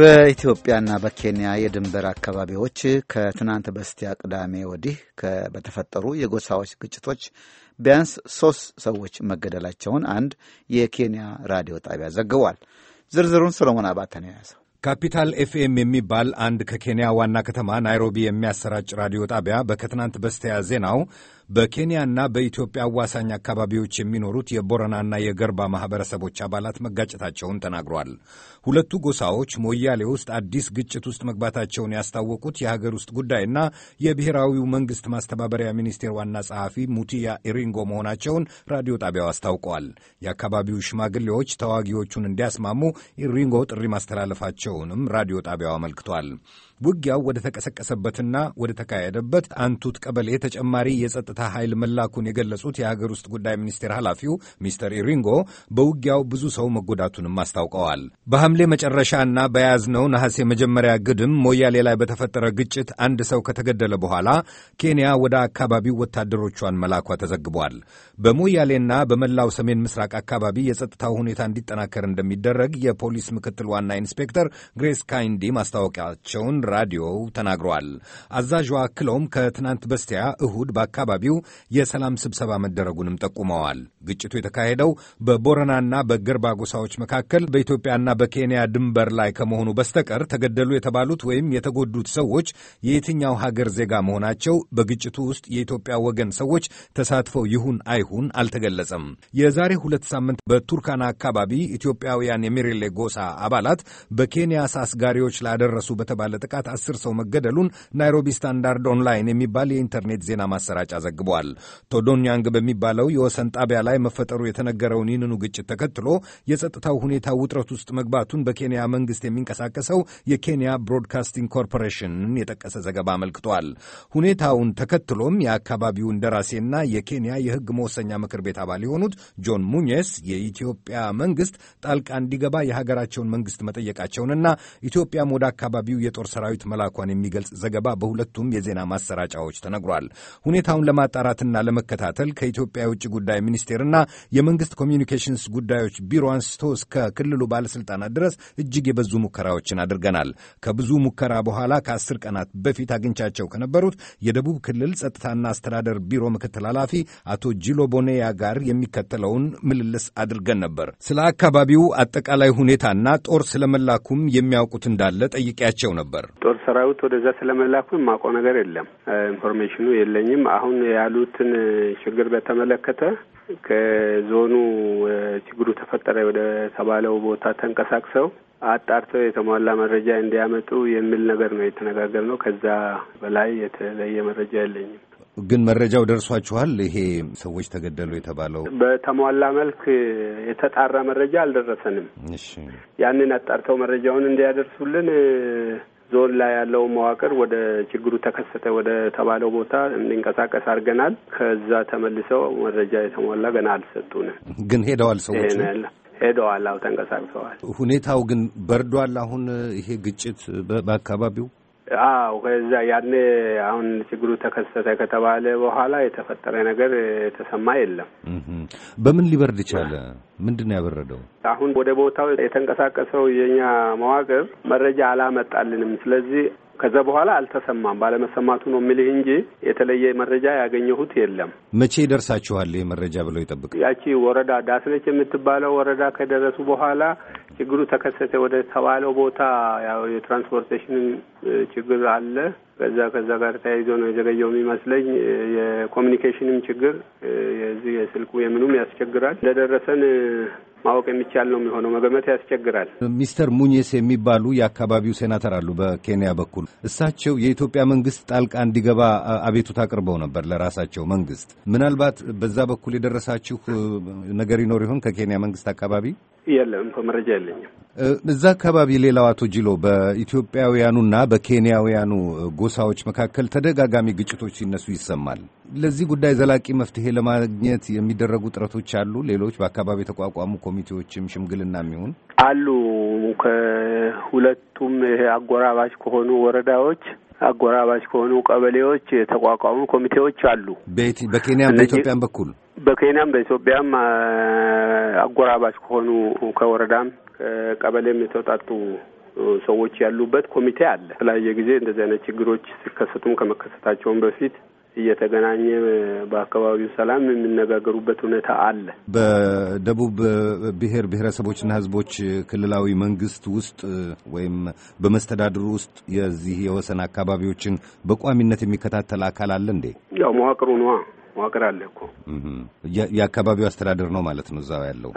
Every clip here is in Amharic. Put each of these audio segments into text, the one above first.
በኢትዮጵያና በኬንያ የድንበር አካባቢዎች ከትናንት በስቲያ ቅዳሜ ወዲህ በተፈጠሩ የጎሳዎች ግጭቶች ቢያንስ ሶስት ሰዎች መገደላቸውን አንድ የኬንያ ራዲዮ ጣቢያ ዘግቧል። ዝርዝሩን ሰሎሞን አባተ ነው የያዘው። ካፒታል ኤፍኤም የሚባል አንድ ከኬንያ ዋና ከተማ ናይሮቢ የሚያሰራጭ ራዲዮ ጣቢያ በከትናንት በስቲያ ዜናው በኬንያና በኢትዮጵያ አዋሳኝ አካባቢዎች የሚኖሩት የቦረናና የገርባ ማኅበረሰቦች አባላት መጋጨታቸውን ተናግሯል። ሁለቱ ጎሳዎች ሞያሌ ውስጥ አዲስ ግጭት ውስጥ መግባታቸውን ያስታወቁት የሀገር ውስጥ ጉዳይና የብሔራዊው መንግሥት ማስተባበሪያ ሚኒስቴር ዋና ጸሐፊ ሙቲያ ኢሪንጎ መሆናቸውን ራዲዮ ጣቢያው አስታውቀዋል። የአካባቢው ሽማግሌዎች ተዋጊዎቹን እንዲያስማሙ ኢሪንጎ ጥሪ ማስተላለፋቸውንም ራዲዮ ጣቢያው አመልክቷል። ውጊያው ወደ ተቀሰቀሰበትና ወደ ተካሄደበት አንቱት ቀበሌ ተጨማሪ የጸጥታ የጸጥታ ኃይል መላኩን የገለጹት የሀገር ውስጥ ጉዳይ ሚኒስቴር ኃላፊው ሚስተር ኢሪንጎ በውጊያው ብዙ ሰው መጎዳቱንም አስታውቀዋል። በሐምሌ መጨረሻና በያዝነው ነሐሴ መጀመሪያ ግድም ሞያሌ ላይ በተፈጠረ ግጭት አንድ ሰው ከተገደለ በኋላ ኬንያ ወደ አካባቢው ወታደሮቿን መላኳ ተዘግቧል። በሞያሌና በመላው ሰሜን ምስራቅ አካባቢ የጸጥታው ሁኔታ እንዲጠናከር እንደሚደረግ የፖሊስ ምክትል ዋና ኢንስፔክተር ግሬስ ካይንዲ ማስታወቂያቸውን ራዲዮው ተናግሯል። አዛዧ አክለውም ከትናንት በስቲያ እሁድ በአካባቢው አካባቢው የሰላም ስብሰባ መደረጉንም ጠቁመዋል። ግጭቱ የተካሄደው በቦረናና በገርባ ጎሳዎች መካከል በኢትዮጵያና በኬንያ ድንበር ላይ ከመሆኑ በስተቀር ተገደሉ የተባሉት ወይም የተጎዱት ሰዎች የየትኛው ሀገር ዜጋ መሆናቸው፣ በግጭቱ ውስጥ የኢትዮጵያ ወገን ሰዎች ተሳትፈው ይሁን አይሁን አልተገለጸም። የዛሬ ሁለት ሳምንት በቱርካና አካባቢ ኢትዮጵያውያን የሚሬሌ ጎሳ አባላት በኬንያ አስጋሪዎች ላደረሱ በተባለ ጥቃት አስር ሰው መገደሉን ናይሮቢ ስታንዳርድ ኦንላይን የሚባል የኢንተርኔት ዜና ማሰራጫ ተዘግቧል። ቶዶንያንግ በሚባለው የወሰን ጣቢያ ላይ መፈጠሩ የተነገረውን ይህንኑ ግጭት ተከትሎ የጸጥታው ሁኔታ ውጥረት ውስጥ መግባቱን በኬንያ መንግስት የሚንቀሳቀሰው የኬንያ ብሮድካስቲንግ ኮርፖሬሽንን የጠቀሰ ዘገባ አመልክቷል። ሁኔታውን ተከትሎም የአካባቢው እንደራሴና የኬንያ የህግ መወሰኛ ምክር ቤት አባል የሆኑት ጆን ሙኘስ የኢትዮጵያ መንግስት ጣልቃ እንዲገባ የሀገራቸውን መንግስት መጠየቃቸውንና ኢትዮጵያም ወደ አካባቢው የጦር ሰራዊት መላኳን የሚገልጽ ዘገባ በሁለቱም የዜና ማሰራጫዎች ተነግሯል። ሁኔታውን ለማጣራትና ለመከታተል ከኢትዮጵያ የውጭ ጉዳይ ሚኒስቴርና የመንግስት ኮሚዩኒኬሽንስ ጉዳዮች ቢሮ አንስቶ እስከ ክልሉ ባለሥልጣናት ድረስ እጅግ የበዙ ሙከራዎችን አድርገናል። ከብዙ ሙከራ በኋላ ከአስር ቀናት በፊት አግኝቻቸው ከነበሩት የደቡብ ክልል ጸጥታና አስተዳደር ቢሮ ምክትል ኃላፊ አቶ ጂሎ ቦኔያ ጋር የሚከተለውን ምልልስ አድርገን ነበር። ስለ አካባቢው አጠቃላይ ሁኔታና ጦር ስለመላኩም የሚያውቁት እንዳለ ጠይቄያቸው ነበር። ጦር ሰራዊት ወደዛ ስለመላኩ የማውቀው ነገር የለም። ኢንፎርሜሽኑ የለኝም። አሁን ያሉትን ችግር በተመለከተ ከዞኑ ችግሩ ተፈጠረ ወደ ተባለው ቦታ ተንቀሳቅሰው አጣርተው የተሟላ መረጃ እንዲያመጡ የሚል ነገር ነው የተነጋገርነው። ከዛ በላይ የተለየ መረጃ የለኝም። ግን መረጃው ደርሷችኋል? ይሄ ሰዎች ተገደሉ የተባለው በተሟላ መልክ የተጣራ መረጃ አልደረሰንም። ያንን አጣርተው መረጃውን እንዲያደርሱልን ዞን ላይ ያለው መዋቅር ወደ ችግሩ ተከሰተ ወደ ተባለው ቦታ እንዲንቀሳቀስ አድርገናል። ከዛ ተመልሰው መረጃ የተሞላ ገና አልሰጡንም። ግን ሄደዋል ሰዎች ሄደዋል። አዎ ተንቀሳቅሰዋል። ሁኔታው ግን በርዷል። አሁን ይሄ ግጭት በአካባቢው አዎ ከዛ ያኔ አሁን ችግሩ ተከሰተ ከተባለ በኋላ የተፈጠረ ነገር የተሰማ የለም። በምን ሊበርድ ይቻለ? ምንድን ነው ያበረደው? አሁን ወደ ቦታው የተንቀሳቀሰው የኛ መዋቅር መረጃ አላመጣልንም። ስለዚህ ከዛ በኋላ አልተሰማም። ባለመሰማቱ ነው የሚልህ እንጂ የተለየ መረጃ ያገኘሁት የለም። መቼ ይደርሳችኋል ይህ መረጃ ብለው ይጠብቅ ያቺ ወረዳ ዳስነች የምትባለው ወረዳ ከደረሱ በኋላ ችግሩ ተከሰተ ወደ ተባለው ቦታ ያው የትራንስፖርቴሽን ችግር አለ። ከዛ ከዛ ጋር ተያይዞ ነው የዘገየው የሚመስለኝ። የኮሚኒኬሽንም ችግር የዚህ የስልኩ የምኑም ያስቸግራል። እንደደረሰን ማወቅ የሚቻል ነው የሚሆነው። መገመት ያስቸግራል። ሚስተር ሙኝስ የሚባሉ የአካባቢው ሴናተር አሉ በኬንያ በኩል እሳቸው የኢትዮጵያ መንግስት ጣልቃ እንዲገባ አቤቱታ አቅርበው ነበር ለራሳቸው መንግስት። ምናልባት በዛ በኩል የደረሳችሁ ነገር ይኖር ይሆን ከኬንያ መንግስት አካባቢ? የለም እኮ መረጃ የለኝም። እዛ አካባቢ ሌላው አቶ ጅሎ በኢትዮጵያውያኑና በኬንያውያኑ ጎሳዎች መካከል ተደጋጋሚ ግጭቶች ሲነሱ ይሰማል። ለዚህ ጉዳይ ዘላቂ መፍትሄ ለማግኘት የሚደረጉ ጥረቶች አሉ። ሌሎች በአካባቢ የተቋቋሙ ኮሚቴዎችም ሽምግልና የሚሆን አሉ። ከሁለቱም አጎራባች ከሆኑ ወረዳዎች አጎራባች ከሆኑ ቀበሌዎች የተቋቋሙ ኮሚቴዎች አሉ በኬንያም በኢትዮጵያም በኩል በኬንያም በኢትዮጵያም አጎራባች ከሆኑ ከወረዳም ከቀበሌም የተውጣጡ ሰዎች ያሉበት ኮሚቴ አለ። በተለያየ ጊዜ እንደዚህ አይነት ችግሮች ሲከሰቱም ከመከሰታቸውም በፊት እየተገናኘ በአካባቢው ሰላም የሚነጋገሩበት ሁኔታ አለ። በደቡብ ብሔር ብሔረሰቦችና ሕዝቦች ክልላዊ መንግስት ውስጥ ወይም በመስተዳድሩ ውስጥ የዚህ የወሰን አካባቢዎችን በቋሚነት የሚከታተል አካል አለ እንዴ? ያው መዋቅሩ ነዋ። መዋቅር አለ እኮ የአካባቢው አስተዳደር ነው ማለት ነው። እዛ ያለው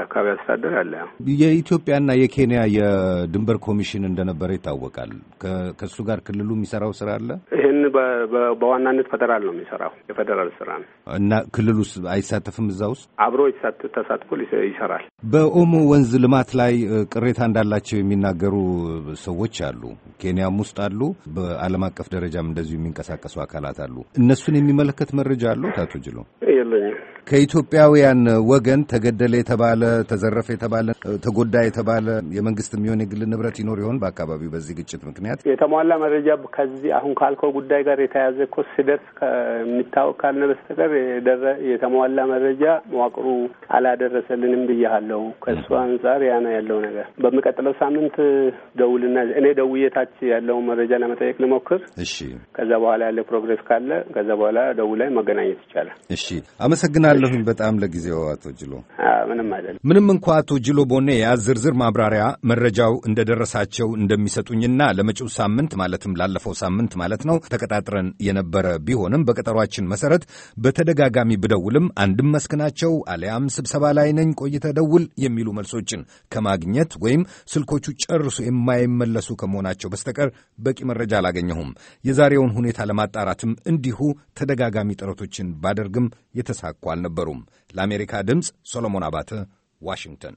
የአካባቢው አስተዳደር አለ። የኢትዮጵያና የኬንያ የድንበር ኮሚሽን እንደነበረ ይታወቃል። ከእሱ ጋር ክልሉ የሚሰራው ስራ አለ። ይህን በዋናነት ፌደራል ነው የሚሰራው፣ የፌደራል ስራ ነው እና ክልሉ አይሳተፍም። እዛ ውስጥ አብሮ ተሳትፎ ይሰራል። በኦሞ ወንዝ ልማት ላይ ቅሬታ እንዳላቸው የሚናገሩ ሰዎች አሉ። ኬንያም ውስጥ አሉ። በዓለም አቀፍ ደረጃም እንደዚሁ የሚንቀሳቀሱ አካላት አሉ። እነሱን የሚመለከት መረጃ አሉት? አቶ ጅሎ የለኝም። ከኢትዮጵያውያን ወገን ተገደለ የተባለ ተዘረፈ የተባለ ተጎዳ የተባለ የመንግስት የሚሆን የግል ንብረት ይኖር ይሆን በአካባቢው በዚህ ግጭት ምክንያት? የተሟላ መረጃ ከዚህ አሁን ካልከው ጉዳይ ጋር የተያዘ እኮ ሲደርስ የሚታወቅ ካልነ በስተቀር የተሟላ መረጃ መዋቅሩ አላደረሰልንም ብያሃለው። ከእሱ አንጻር ያ ያለው ነገር። በሚቀጥለው ሳምንት ደውልና እኔ ደውዬታች ያለውን መረጃ ለመጠየቅ ልሞክር። እሺ፣ ከዛ በኋላ ያለ ፕሮግሬስ ካለ ከዛ በኋላ ደውል ላይ መገናኘት ይቻላል። እሺ፣ አመሰግናለሁ። አመሰግናለሁኝ በጣም ለጊዜው አቶ ጅሎ። ምንም አይደለም። ምንም እንኳ አቶ ጅሎ ቦኔያ ዝርዝር ማብራሪያ መረጃው እንደደረሳቸው እንደሚሰጡኝና ለመጪው ሳምንት ማለትም ላለፈው ሳምንት ማለት ነው ተቀጣጥረን የነበረ ቢሆንም በቀጠሯችን መሰረት በተደጋጋሚ ብደውልም አንድም መስክናቸው አሊያም ስብሰባ ላይ ነኝ ቆይተ ደውል የሚሉ መልሶችን ከማግኘት ወይም ስልኮቹ ጨርሶ የማይመለሱ ከመሆናቸው በስተቀር በቂ መረጃ አላገኘሁም። የዛሬውን ሁኔታ ለማጣራትም እንዲሁ ተደጋጋሚ ጥረቶችን ባደርግም የተሳኩ አልነበሩም። ለአሜሪካ ድምፅ ሶሎሞን አባ አባተ ዋሽንግተን